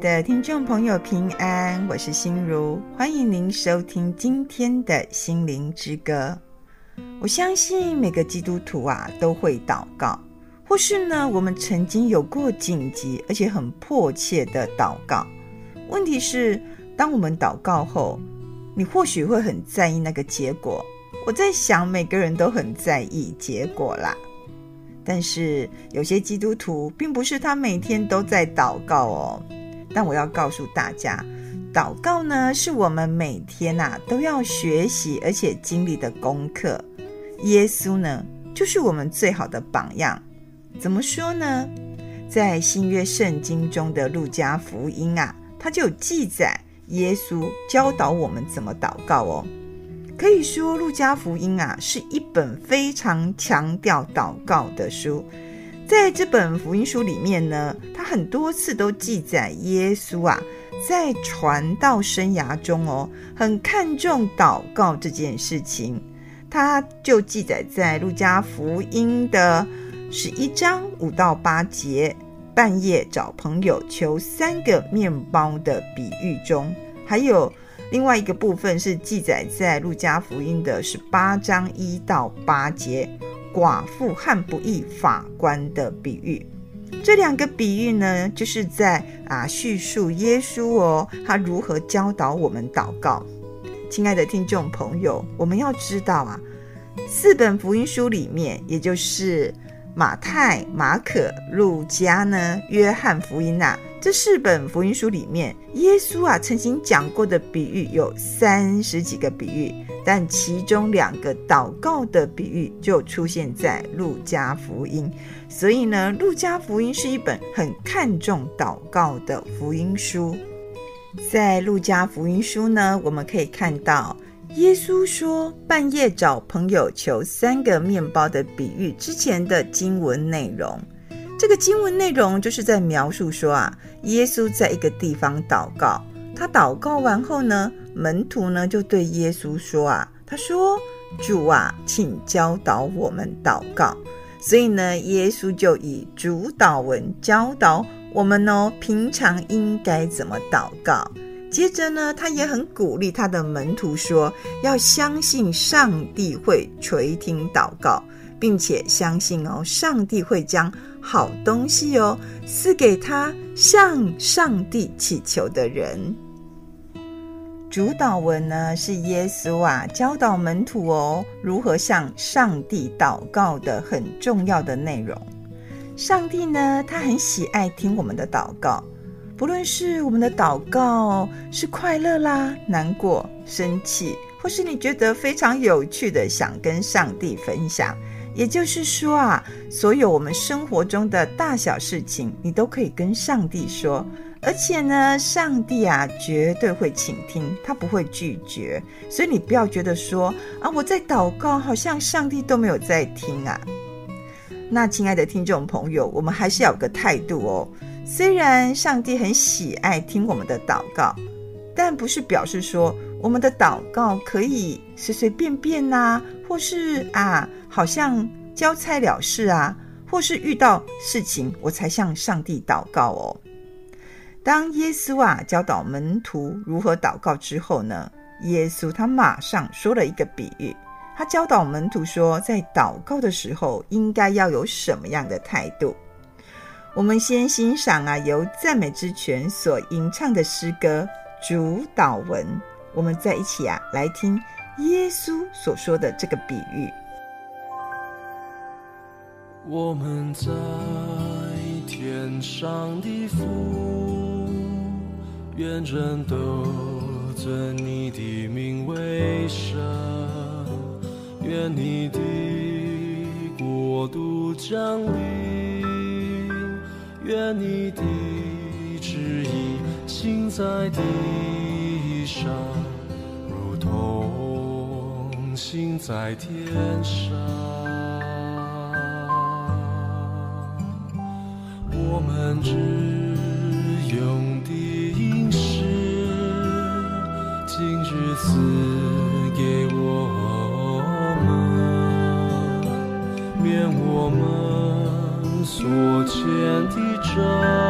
的聽眾朋友平安，我是心如，歡迎您收聽今天的心靈之歌。我相信每個基督徒啊都會禱告，或是呢，我們曾經有過緊急而且很迫切的禱告。問題是，當我們禱告後，你或許會很在意那個結果。我在想，每個人都很在意結果啦，但是有些基督徒並不是他每天都在禱告哦。但我要告訴大家，禱告呢，是我們每天吶、啊、都要學習而且經歷的功課。耶穌呢，就是我們最好的榜樣。怎麼說呢？在新約聖經中的《路加福音》啊，它就有記載耶穌教導我們怎麼禱告哦。可以說，《路加福音》啊，是一本非常強調禱告的書。在這本福音書裡面呢，他很多次都記載耶穌啊在傳道生涯中哦，很看重禱告這件事情。他就記載在路加福音的十一章五到八節，半夜找朋友求三個麵包的比喻中；還有另外一個部分是記載在路加福音的十八章一到八節。寡婦和不義法官的比喻，這兩個比喻呢，就是在啊敘述耶穌哦，他如何教導我們禱告。親愛的聽眾朋友，我們要知道啊，四本福音書裡面，也就是馬太、馬可、路加呢，約翰福音啊。這四本福音書裡面，耶穌啊曾經講過的比喻有三十幾個比喻，但其中兩個禱告的比喻就出現在路加福音。所以呢，路加福音是一本很看重禱告的福音書。在路加福音書呢，我們可以看到耶穌說半夜找朋友求三個麵包的比喻之前的經文內容。這個經文內容就是在描述說啊，耶穌在一個地方禱告。他禱告完後呢，門徒呢就對耶穌說啊，他說：“主啊，請教導我們禱告。”所以呢，耶穌就以主禱文教導我們呢、哦，平常應該怎麼禱告。接着呢，他也很鼓勵他的門徒說，要相信上帝會垂聽禱告。並且相信哦，上帝會將好東西哦賜給他向上帝祈求的人。主禱文呢，是耶穌啊教導門徒哦如何向上帝禱告的很重要的內容。上帝呢，他很喜愛聽我們的禱告，不論是我們的禱告是快樂啦、難過、生氣，或是你覺得非常有趣的，想跟上帝分享。也就是說啊，所有我們生活中的大小事情，你都可以跟上帝說，而且呢，上帝啊，絕對會傾聽，他不會拒絕。所以你不要覺得說啊，我在禱告，好像上帝都沒有在聽啊。那親愛的聽眾朋友，我們還是要有個態度哦。雖然上帝很喜愛聽我們的禱告，但不是表示說我們的禱告可以隨隨便便吶、啊，或是啊。好像交差了事啊，或是遇到事情，我才向上帝禱告哦。當耶穌啊教導門徒如何禱告之後呢，耶穌他馬上說了一個比喻。他教導門徒說，在禱告的時候應該要有什麼樣的態度。我們先欣賞啊由讚美之泉所吟唱的詩歌《主禱文》，我們再一起啊來聽耶穌所說的這個比喻。我們在天上的父，願人都尊你的名為聖，願你的國度降臨，願你的旨意行在地上，如同行在天上。日用的飲食，今日賜給我們，免我們所欠的債。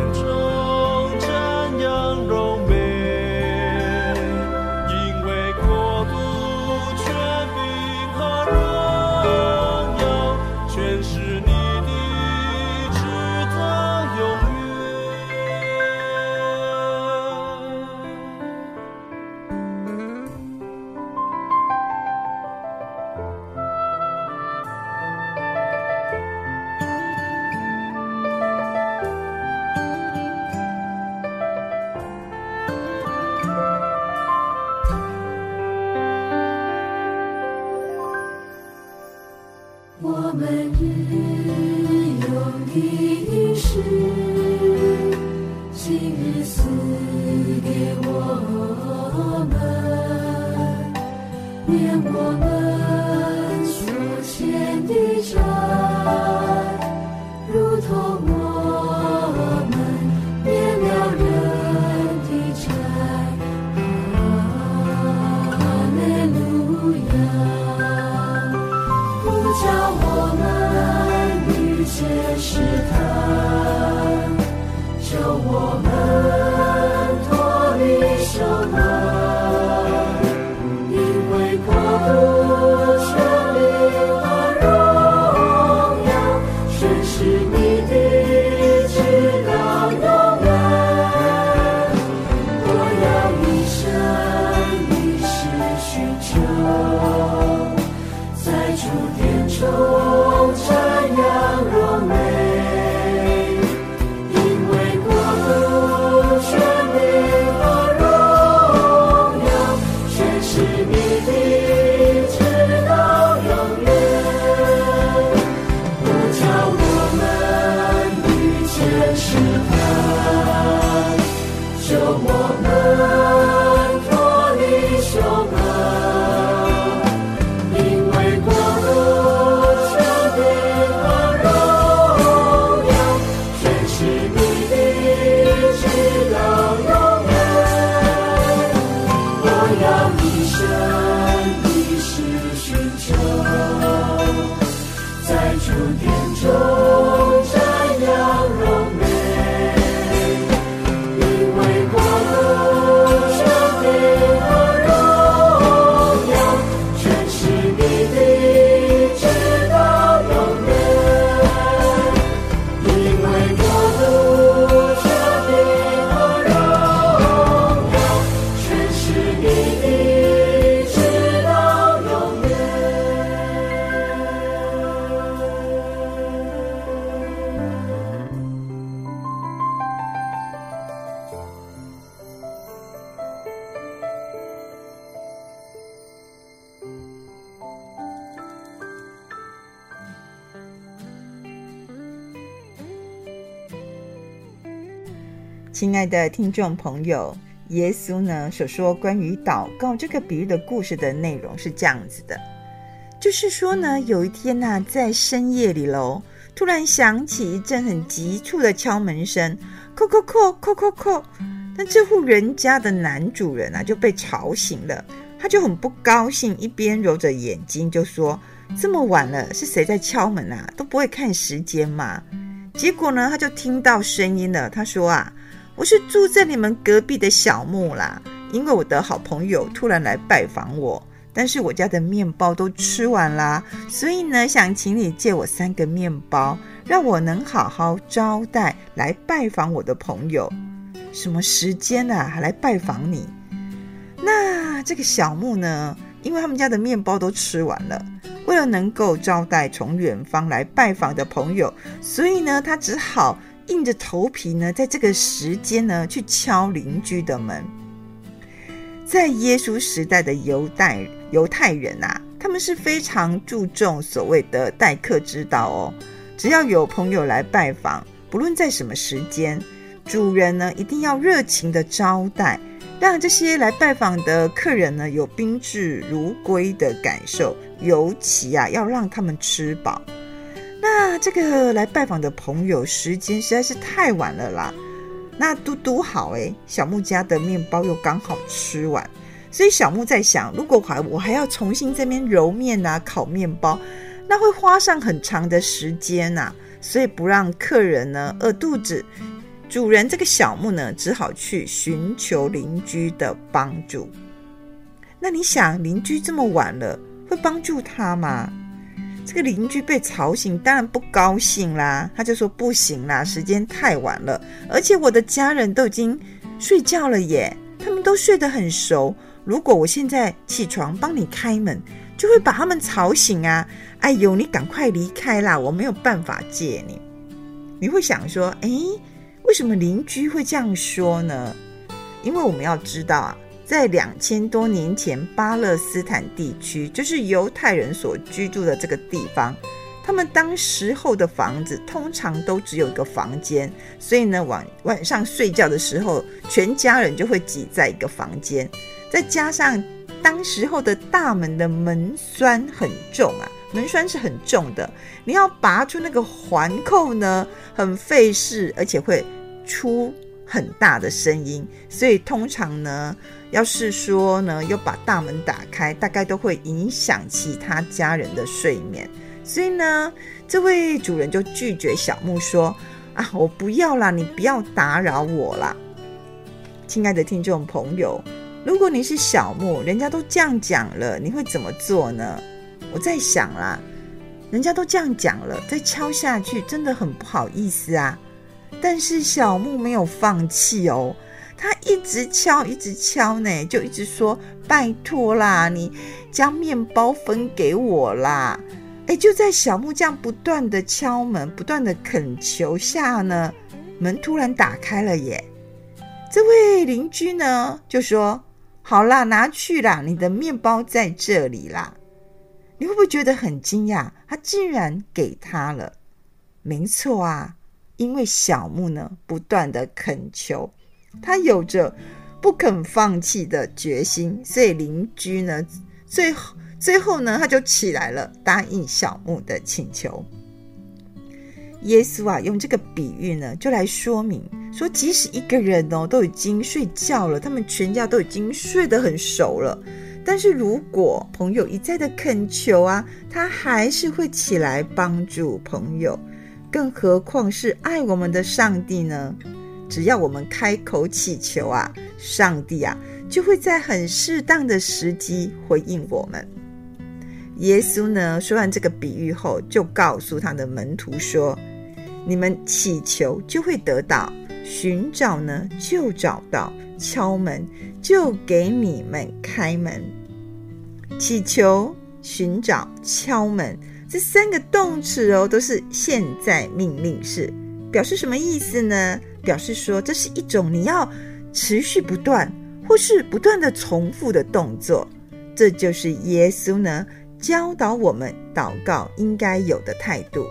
親愛的聽眾朋友，耶穌呢所說關於禱告這個比喻的故事的內容是這樣子的，就是說呢，有一天呢、啊，在深夜裡嘍，突然響起一陣很急促的敲門聲，叩叩叩叩叩叩。但這戶人家的男主人啊就被吵醒了，他就很不高興，一邊揉着眼睛就說：“這麼晚了，是誰在敲門啊？都不會看時間嘛？”結果呢，他就聽到聲音了，他說啊。我是住在你們隔壁的小木啦，因為我的好朋友突然來拜訪我，但是我家的麵包都吃完了，所以呢，想請你借我三個麵包，讓我能好好招待來拜訪我的朋友。什麼時間啊，還來拜訪你？那這個小木呢，因為他們家的麵包都吃完了，為了能夠招待從遠方來拜訪的朋友，所以呢，他只好。硬着頭皮呢，在這個時間呢，去敲鄰居的門。在耶穌時代的猶太猶太人啊，他們是非常注重所謂的待客之道哦。只要有朋友來拜訪，不論在什麼時間，主人呢一定要熱情地招待，讓這些來拜訪的客人呢有賓至如歸的感受。尤其啊，要讓他們吃飽。那這個來拜訪的朋友時間實在是太晚了啦。那嘟嘟好欸，小木家的麵包又剛好吃完，所以小木在想，如果我還我還要重新這邊揉麵啊、烤麵包，那會花上很長的時間吶、啊。所以不讓客人呢餓肚子，主人這個小木呢只好去尋求鄰居的幫助。那你想，鄰居這麼晚了會幫助他嗎？這個鄰居被吵醒，當然不高興啦。他就說：“不行啦，時間太晚了，而且我的家人都已經睡覺了耶，他們都睡得很熟。如果我現在起床幫你開門，就會把他們吵醒啊。哎呦，你趕快離開啦，我沒有辦法借你。”你會想說：“哎，為什麼鄰居會這樣說呢？”因為我們要知道啊，在兩千多年前，巴勒斯坦地區就是猶太人所居住的這個地方。他們當時候的房子通常都只有一個房間，所以呢，晚晚上睡覺的時候，全家人就會擠在一個房間。再加上當時候的大門的門栓很重啊，門栓是很重的，你要拔出那個環扣呢，很費事，而且會出。很大的聲音，所以通常呢，要是說呢，又把大門打開，大概都會影響其他家人的睡眠。所以呢，這位主人就拒絕小木說：“啊，我不要啦，你不要打擾我啦。”親愛的聽眾朋友，如果你是小木，人家都這樣講了，你會怎麼做呢？我在想啦，人家都這樣講了，再敲下去真的很不好意思啊。但是小木沒有放棄哦，他一直敲，一直敲呢，就一直說：“拜托啦，你將麵包分給我啦！”哎，就在小木匠不斷的敲門、不斷的懇求下呢，門突然打開了耶！這位鄰居呢就說：“好啦，拿去啦，你的麵包在這裡啦！”你會不會覺得很驚訝？他竟然給他了？沒錯啊。因為小木呢不斷的懇求，他有着不肯放棄的決心，所以鄰居呢，最後最後呢他就起來了，答應小木的請求。耶穌啊用這個比喻呢，就來說明說，即使一個人哦都已經睡覺了，他們全家都已經睡得很熟了，但是如果朋友一再的懇求啊，他還是會起來幫助朋友。更何況是愛我們的上帝呢？只要我們開口祈求啊，上帝啊，就會在很適當的時機回應我們。耶穌呢，說完這個比喻後，就告訴他的門徒說：“你們祈求，就會得到；尋找呢，就找到；敲門，就給你們開門。祈求、尋找、敲門。”這三個動詞哦，都是現在命令式，表示什麼意思呢？表示說這是一種你要持續不斷，或是不斷的重複的動作。這就是耶穌呢教導我們禱告應該有的態度。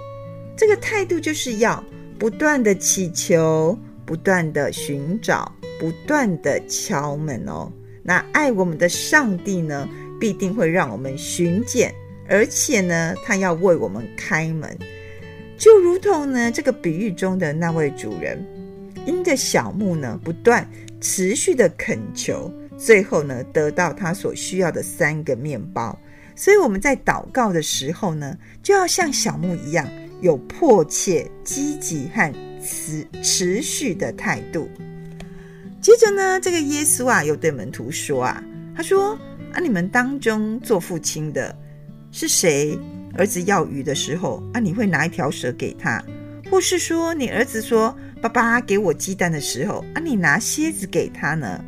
這個態度就是要不斷的祈求，不斷的尋找，不斷的敲門哦。那愛我們的上帝呢，必定會讓我們尋見。而且呢，他要為我們開門，就如同呢這個比喻中的那位主人，因着小木呢不斷持續的懇求，最後呢得到他所需要的三個麵包。所以我們在禱告的時候呢，就要像小木一樣，有迫切、積極和持持續的態度。接着呢，這個耶穌啊，又對門徒說啊，他說啊，你們當中做父親的。是誰兒子要魚的時候啊，你會拿一條蛇給他？或是說你兒子說爸爸給我雞蛋的時候啊，你拿蠍子給他呢？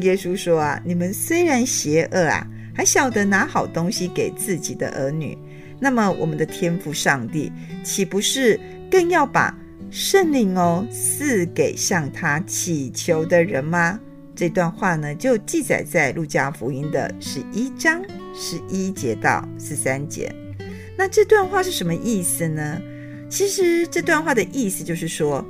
耶穌說啊，你們雖然邪惡啊，還曉得拿好東西給自己的兒女，那麼我們的天父上帝豈不是更要把聖靈哦賜給向他祈求的人嗎？這段話呢，就記載在路加福音的十一章。十一節到十三節，那這段話是什麼意思呢？其實這段話的意思就是說，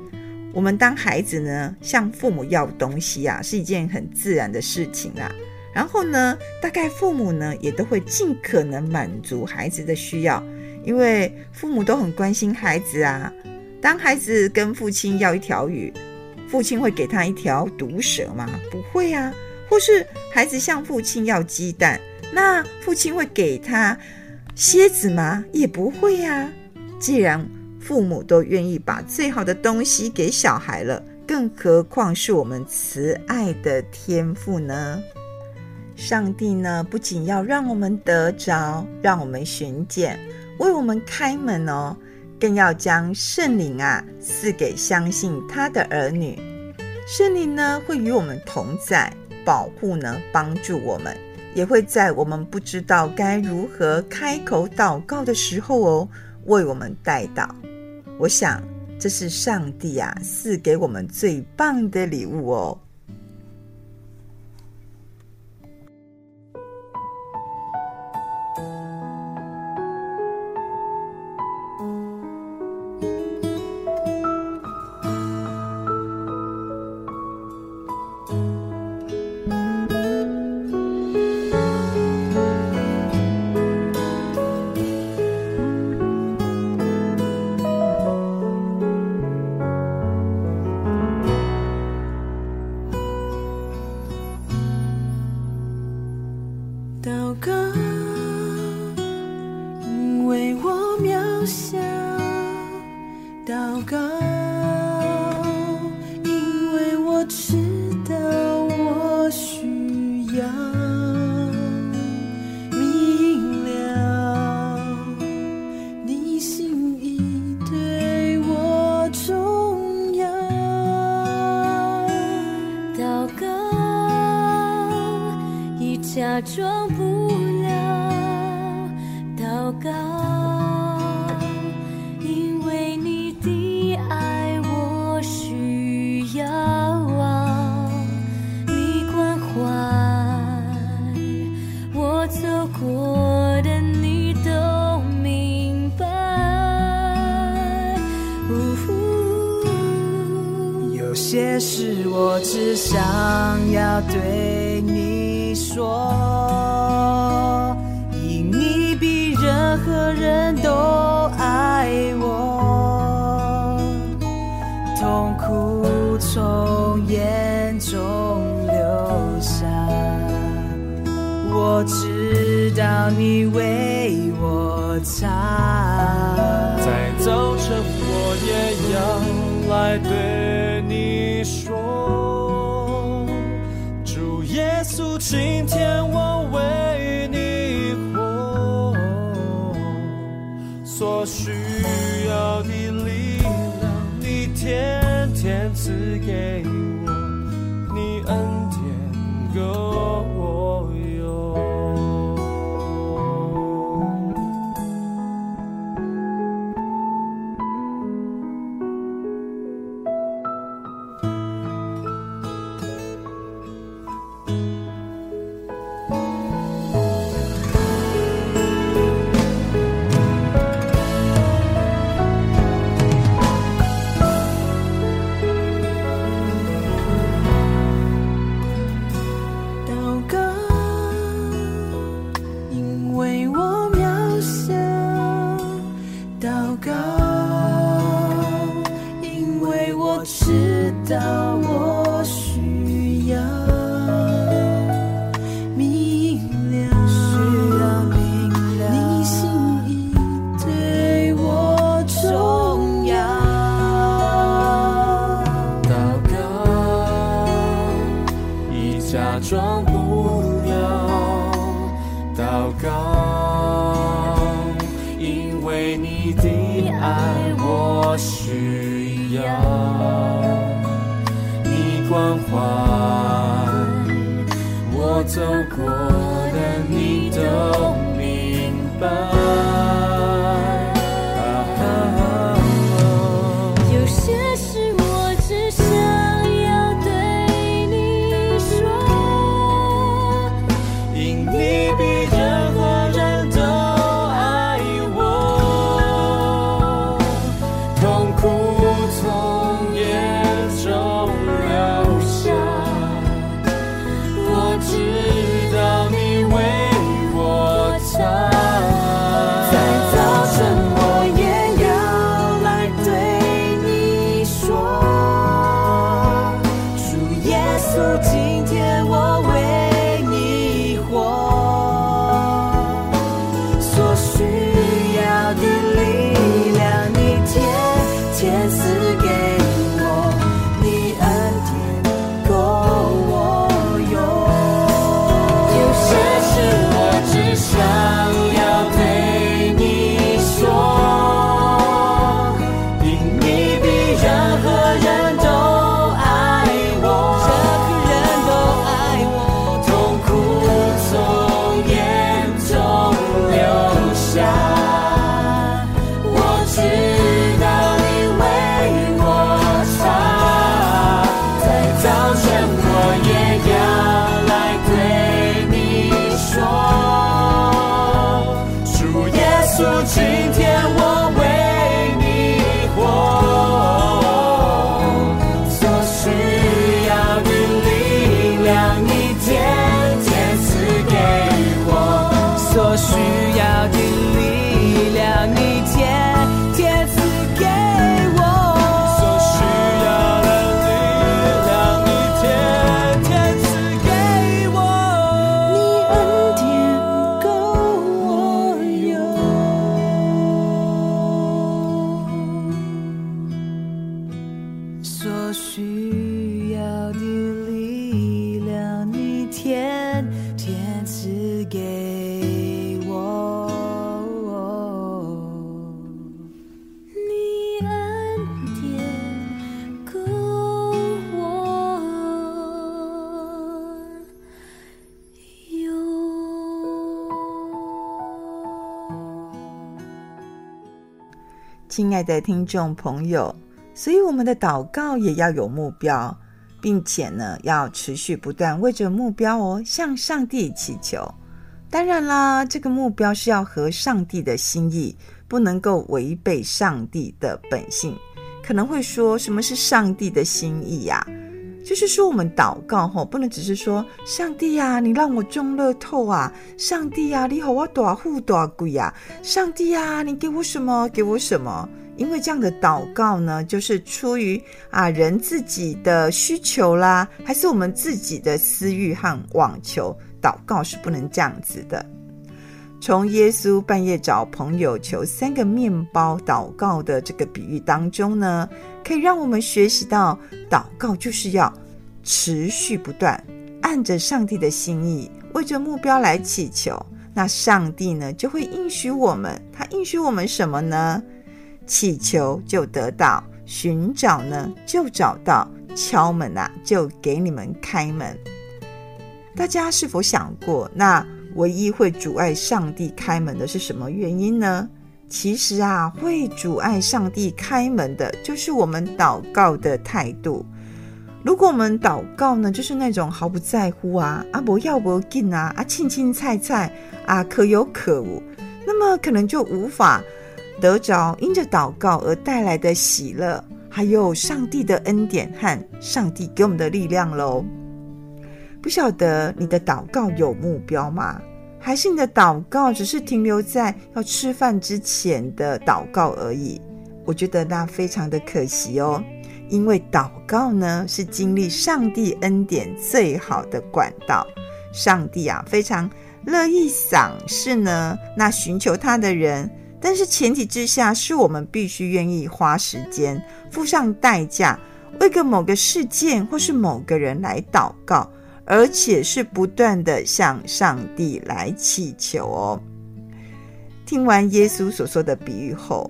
我們當孩子呢，向父母要東西啊，是一件很自然的事情啊。然後呢，大概父母呢也都會盡可能滿足孩子的需要，因為父母都很關心孩子啊。當孩子跟父親要一條魚，父親會給他一條毒蛇嗎？不會啊。或是孩子向父親要雞蛋。那父親會給他蠍子嗎？也不會啊。既然父母都願意把最好的東西給小孩了，更何況是我們慈愛的天父呢？上帝呢，不僅要讓我們得着，讓我們尋見，為我們開門哦，更要將聖靈啊賜給相信他的兒女。聖靈呢，會與我們同在，保護呢，幫助我們。也會在我們不知道該如何開口禱告的時候哦，為我們代禱。我想，這是上帝啊賜給我們最棒的禮物哦。禱告，因為我渺小；禱告，因為我知道我需要。明了，你心意對我重要。禱告，以假裝。想要對你說，因你比任何人都愛我。痛苦從眼中流下，我知道你為我擦。的聽眾朋友，所以我們的禱告也要有目標，並且呢，要持續不斷為着目標哦，向上帝祈求。當然啦，這個目標是要合上帝的心意，不能夠違背上帝的本性。可能會說，什麼是上帝的心意呀、啊？就是說，我們禱告吼，不能只是說上帝呀、啊，你讓我中樂透啊，上帝呀、啊，你好啊，大富大貴啊，上帝呀、啊，你給我什麼給我什麼？因為這樣的禱告呢，就是出於啊人自己的需求啦，還是我們自己的私欲和妄求，禱告是不能這樣子的。從耶穌，半夜找朋友求三個麵包禱告的這個比喻當中呢，可以讓我們學習到禱告就是要持續不斷，按着上帝的心意，為着目標來祈求。那上帝呢就會應許我們，他應許我們什麼呢？祈求就得到，尋找呢就找到，敲門吶，啊，就給你們開門。大家是否想過那？唯一會阻礙上帝開門的是什麼原因呢？其實啊，會阻礙上帝開門的就是我們禱告的態度。如果我們禱告呢，就是那種毫不在乎啊，啊，我要不要進啊，啊青青菜菜啊，可有可無，那麼可能就無法得着因着禱告而帶來的喜樂，還有上帝的恩典和上帝給我們的力量嘍。不曉得你的禱告有目標嗎？還是你的禱告只是停留在要吃飯之前的禱告而已？我覺得那非常的可惜哦，因為禱告呢，是經歷上帝恩典最好的管道。上帝啊，非常樂意賞是賞賜呢，那尋求他的人，但是前提之下是我們必須願意花時間，付上代價，為個某個事件或是某個人來禱告。而且是不斷地向上帝來祈求哦。聽完耶穌所說的比喻後，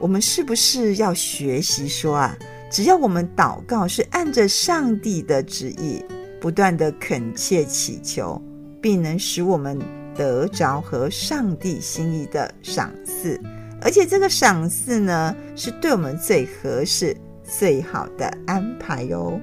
我們是不是要學習說啊？只要我們禱告是按着上帝的旨意，不斷地懇切祈求，並能使我們得着和上帝心意的賞賜。而且這個賞賜呢，是對我們最合適、最好的安排喲、哦。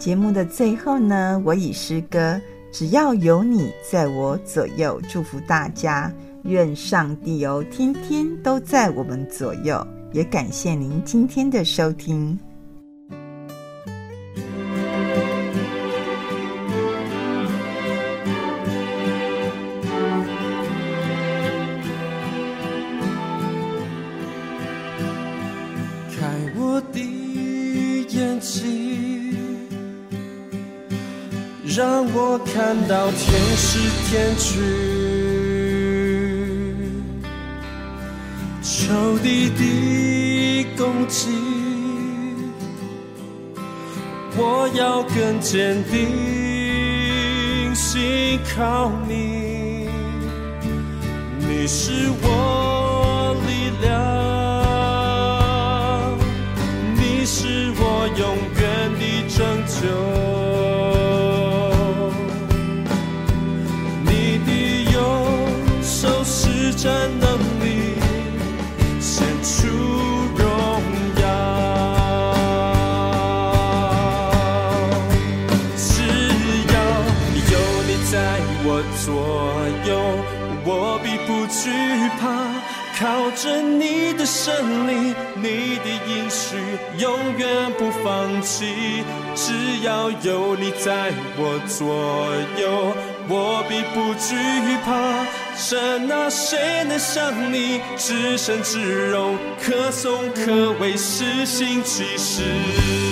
節目的最後呢，我以詩歌“只要有你在我左右”祝福大家，願上帝哦，天天都在我們左右。也感謝您今天的收聽。是天去，仇敵的攻擊，我要更堅定，信靠你。你是我力量，你是我永遠的拯救。你的勝利，你的應許，永遠不放棄。只要有你在我左右，我必不懼怕。這那誰能像你，至善至柔，可頌可畏，是心即是。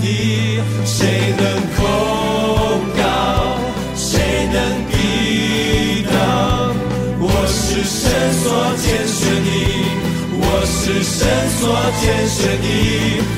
地，誰能控告？誰能抵擋？我是神所揀選的，我是神所揀選的。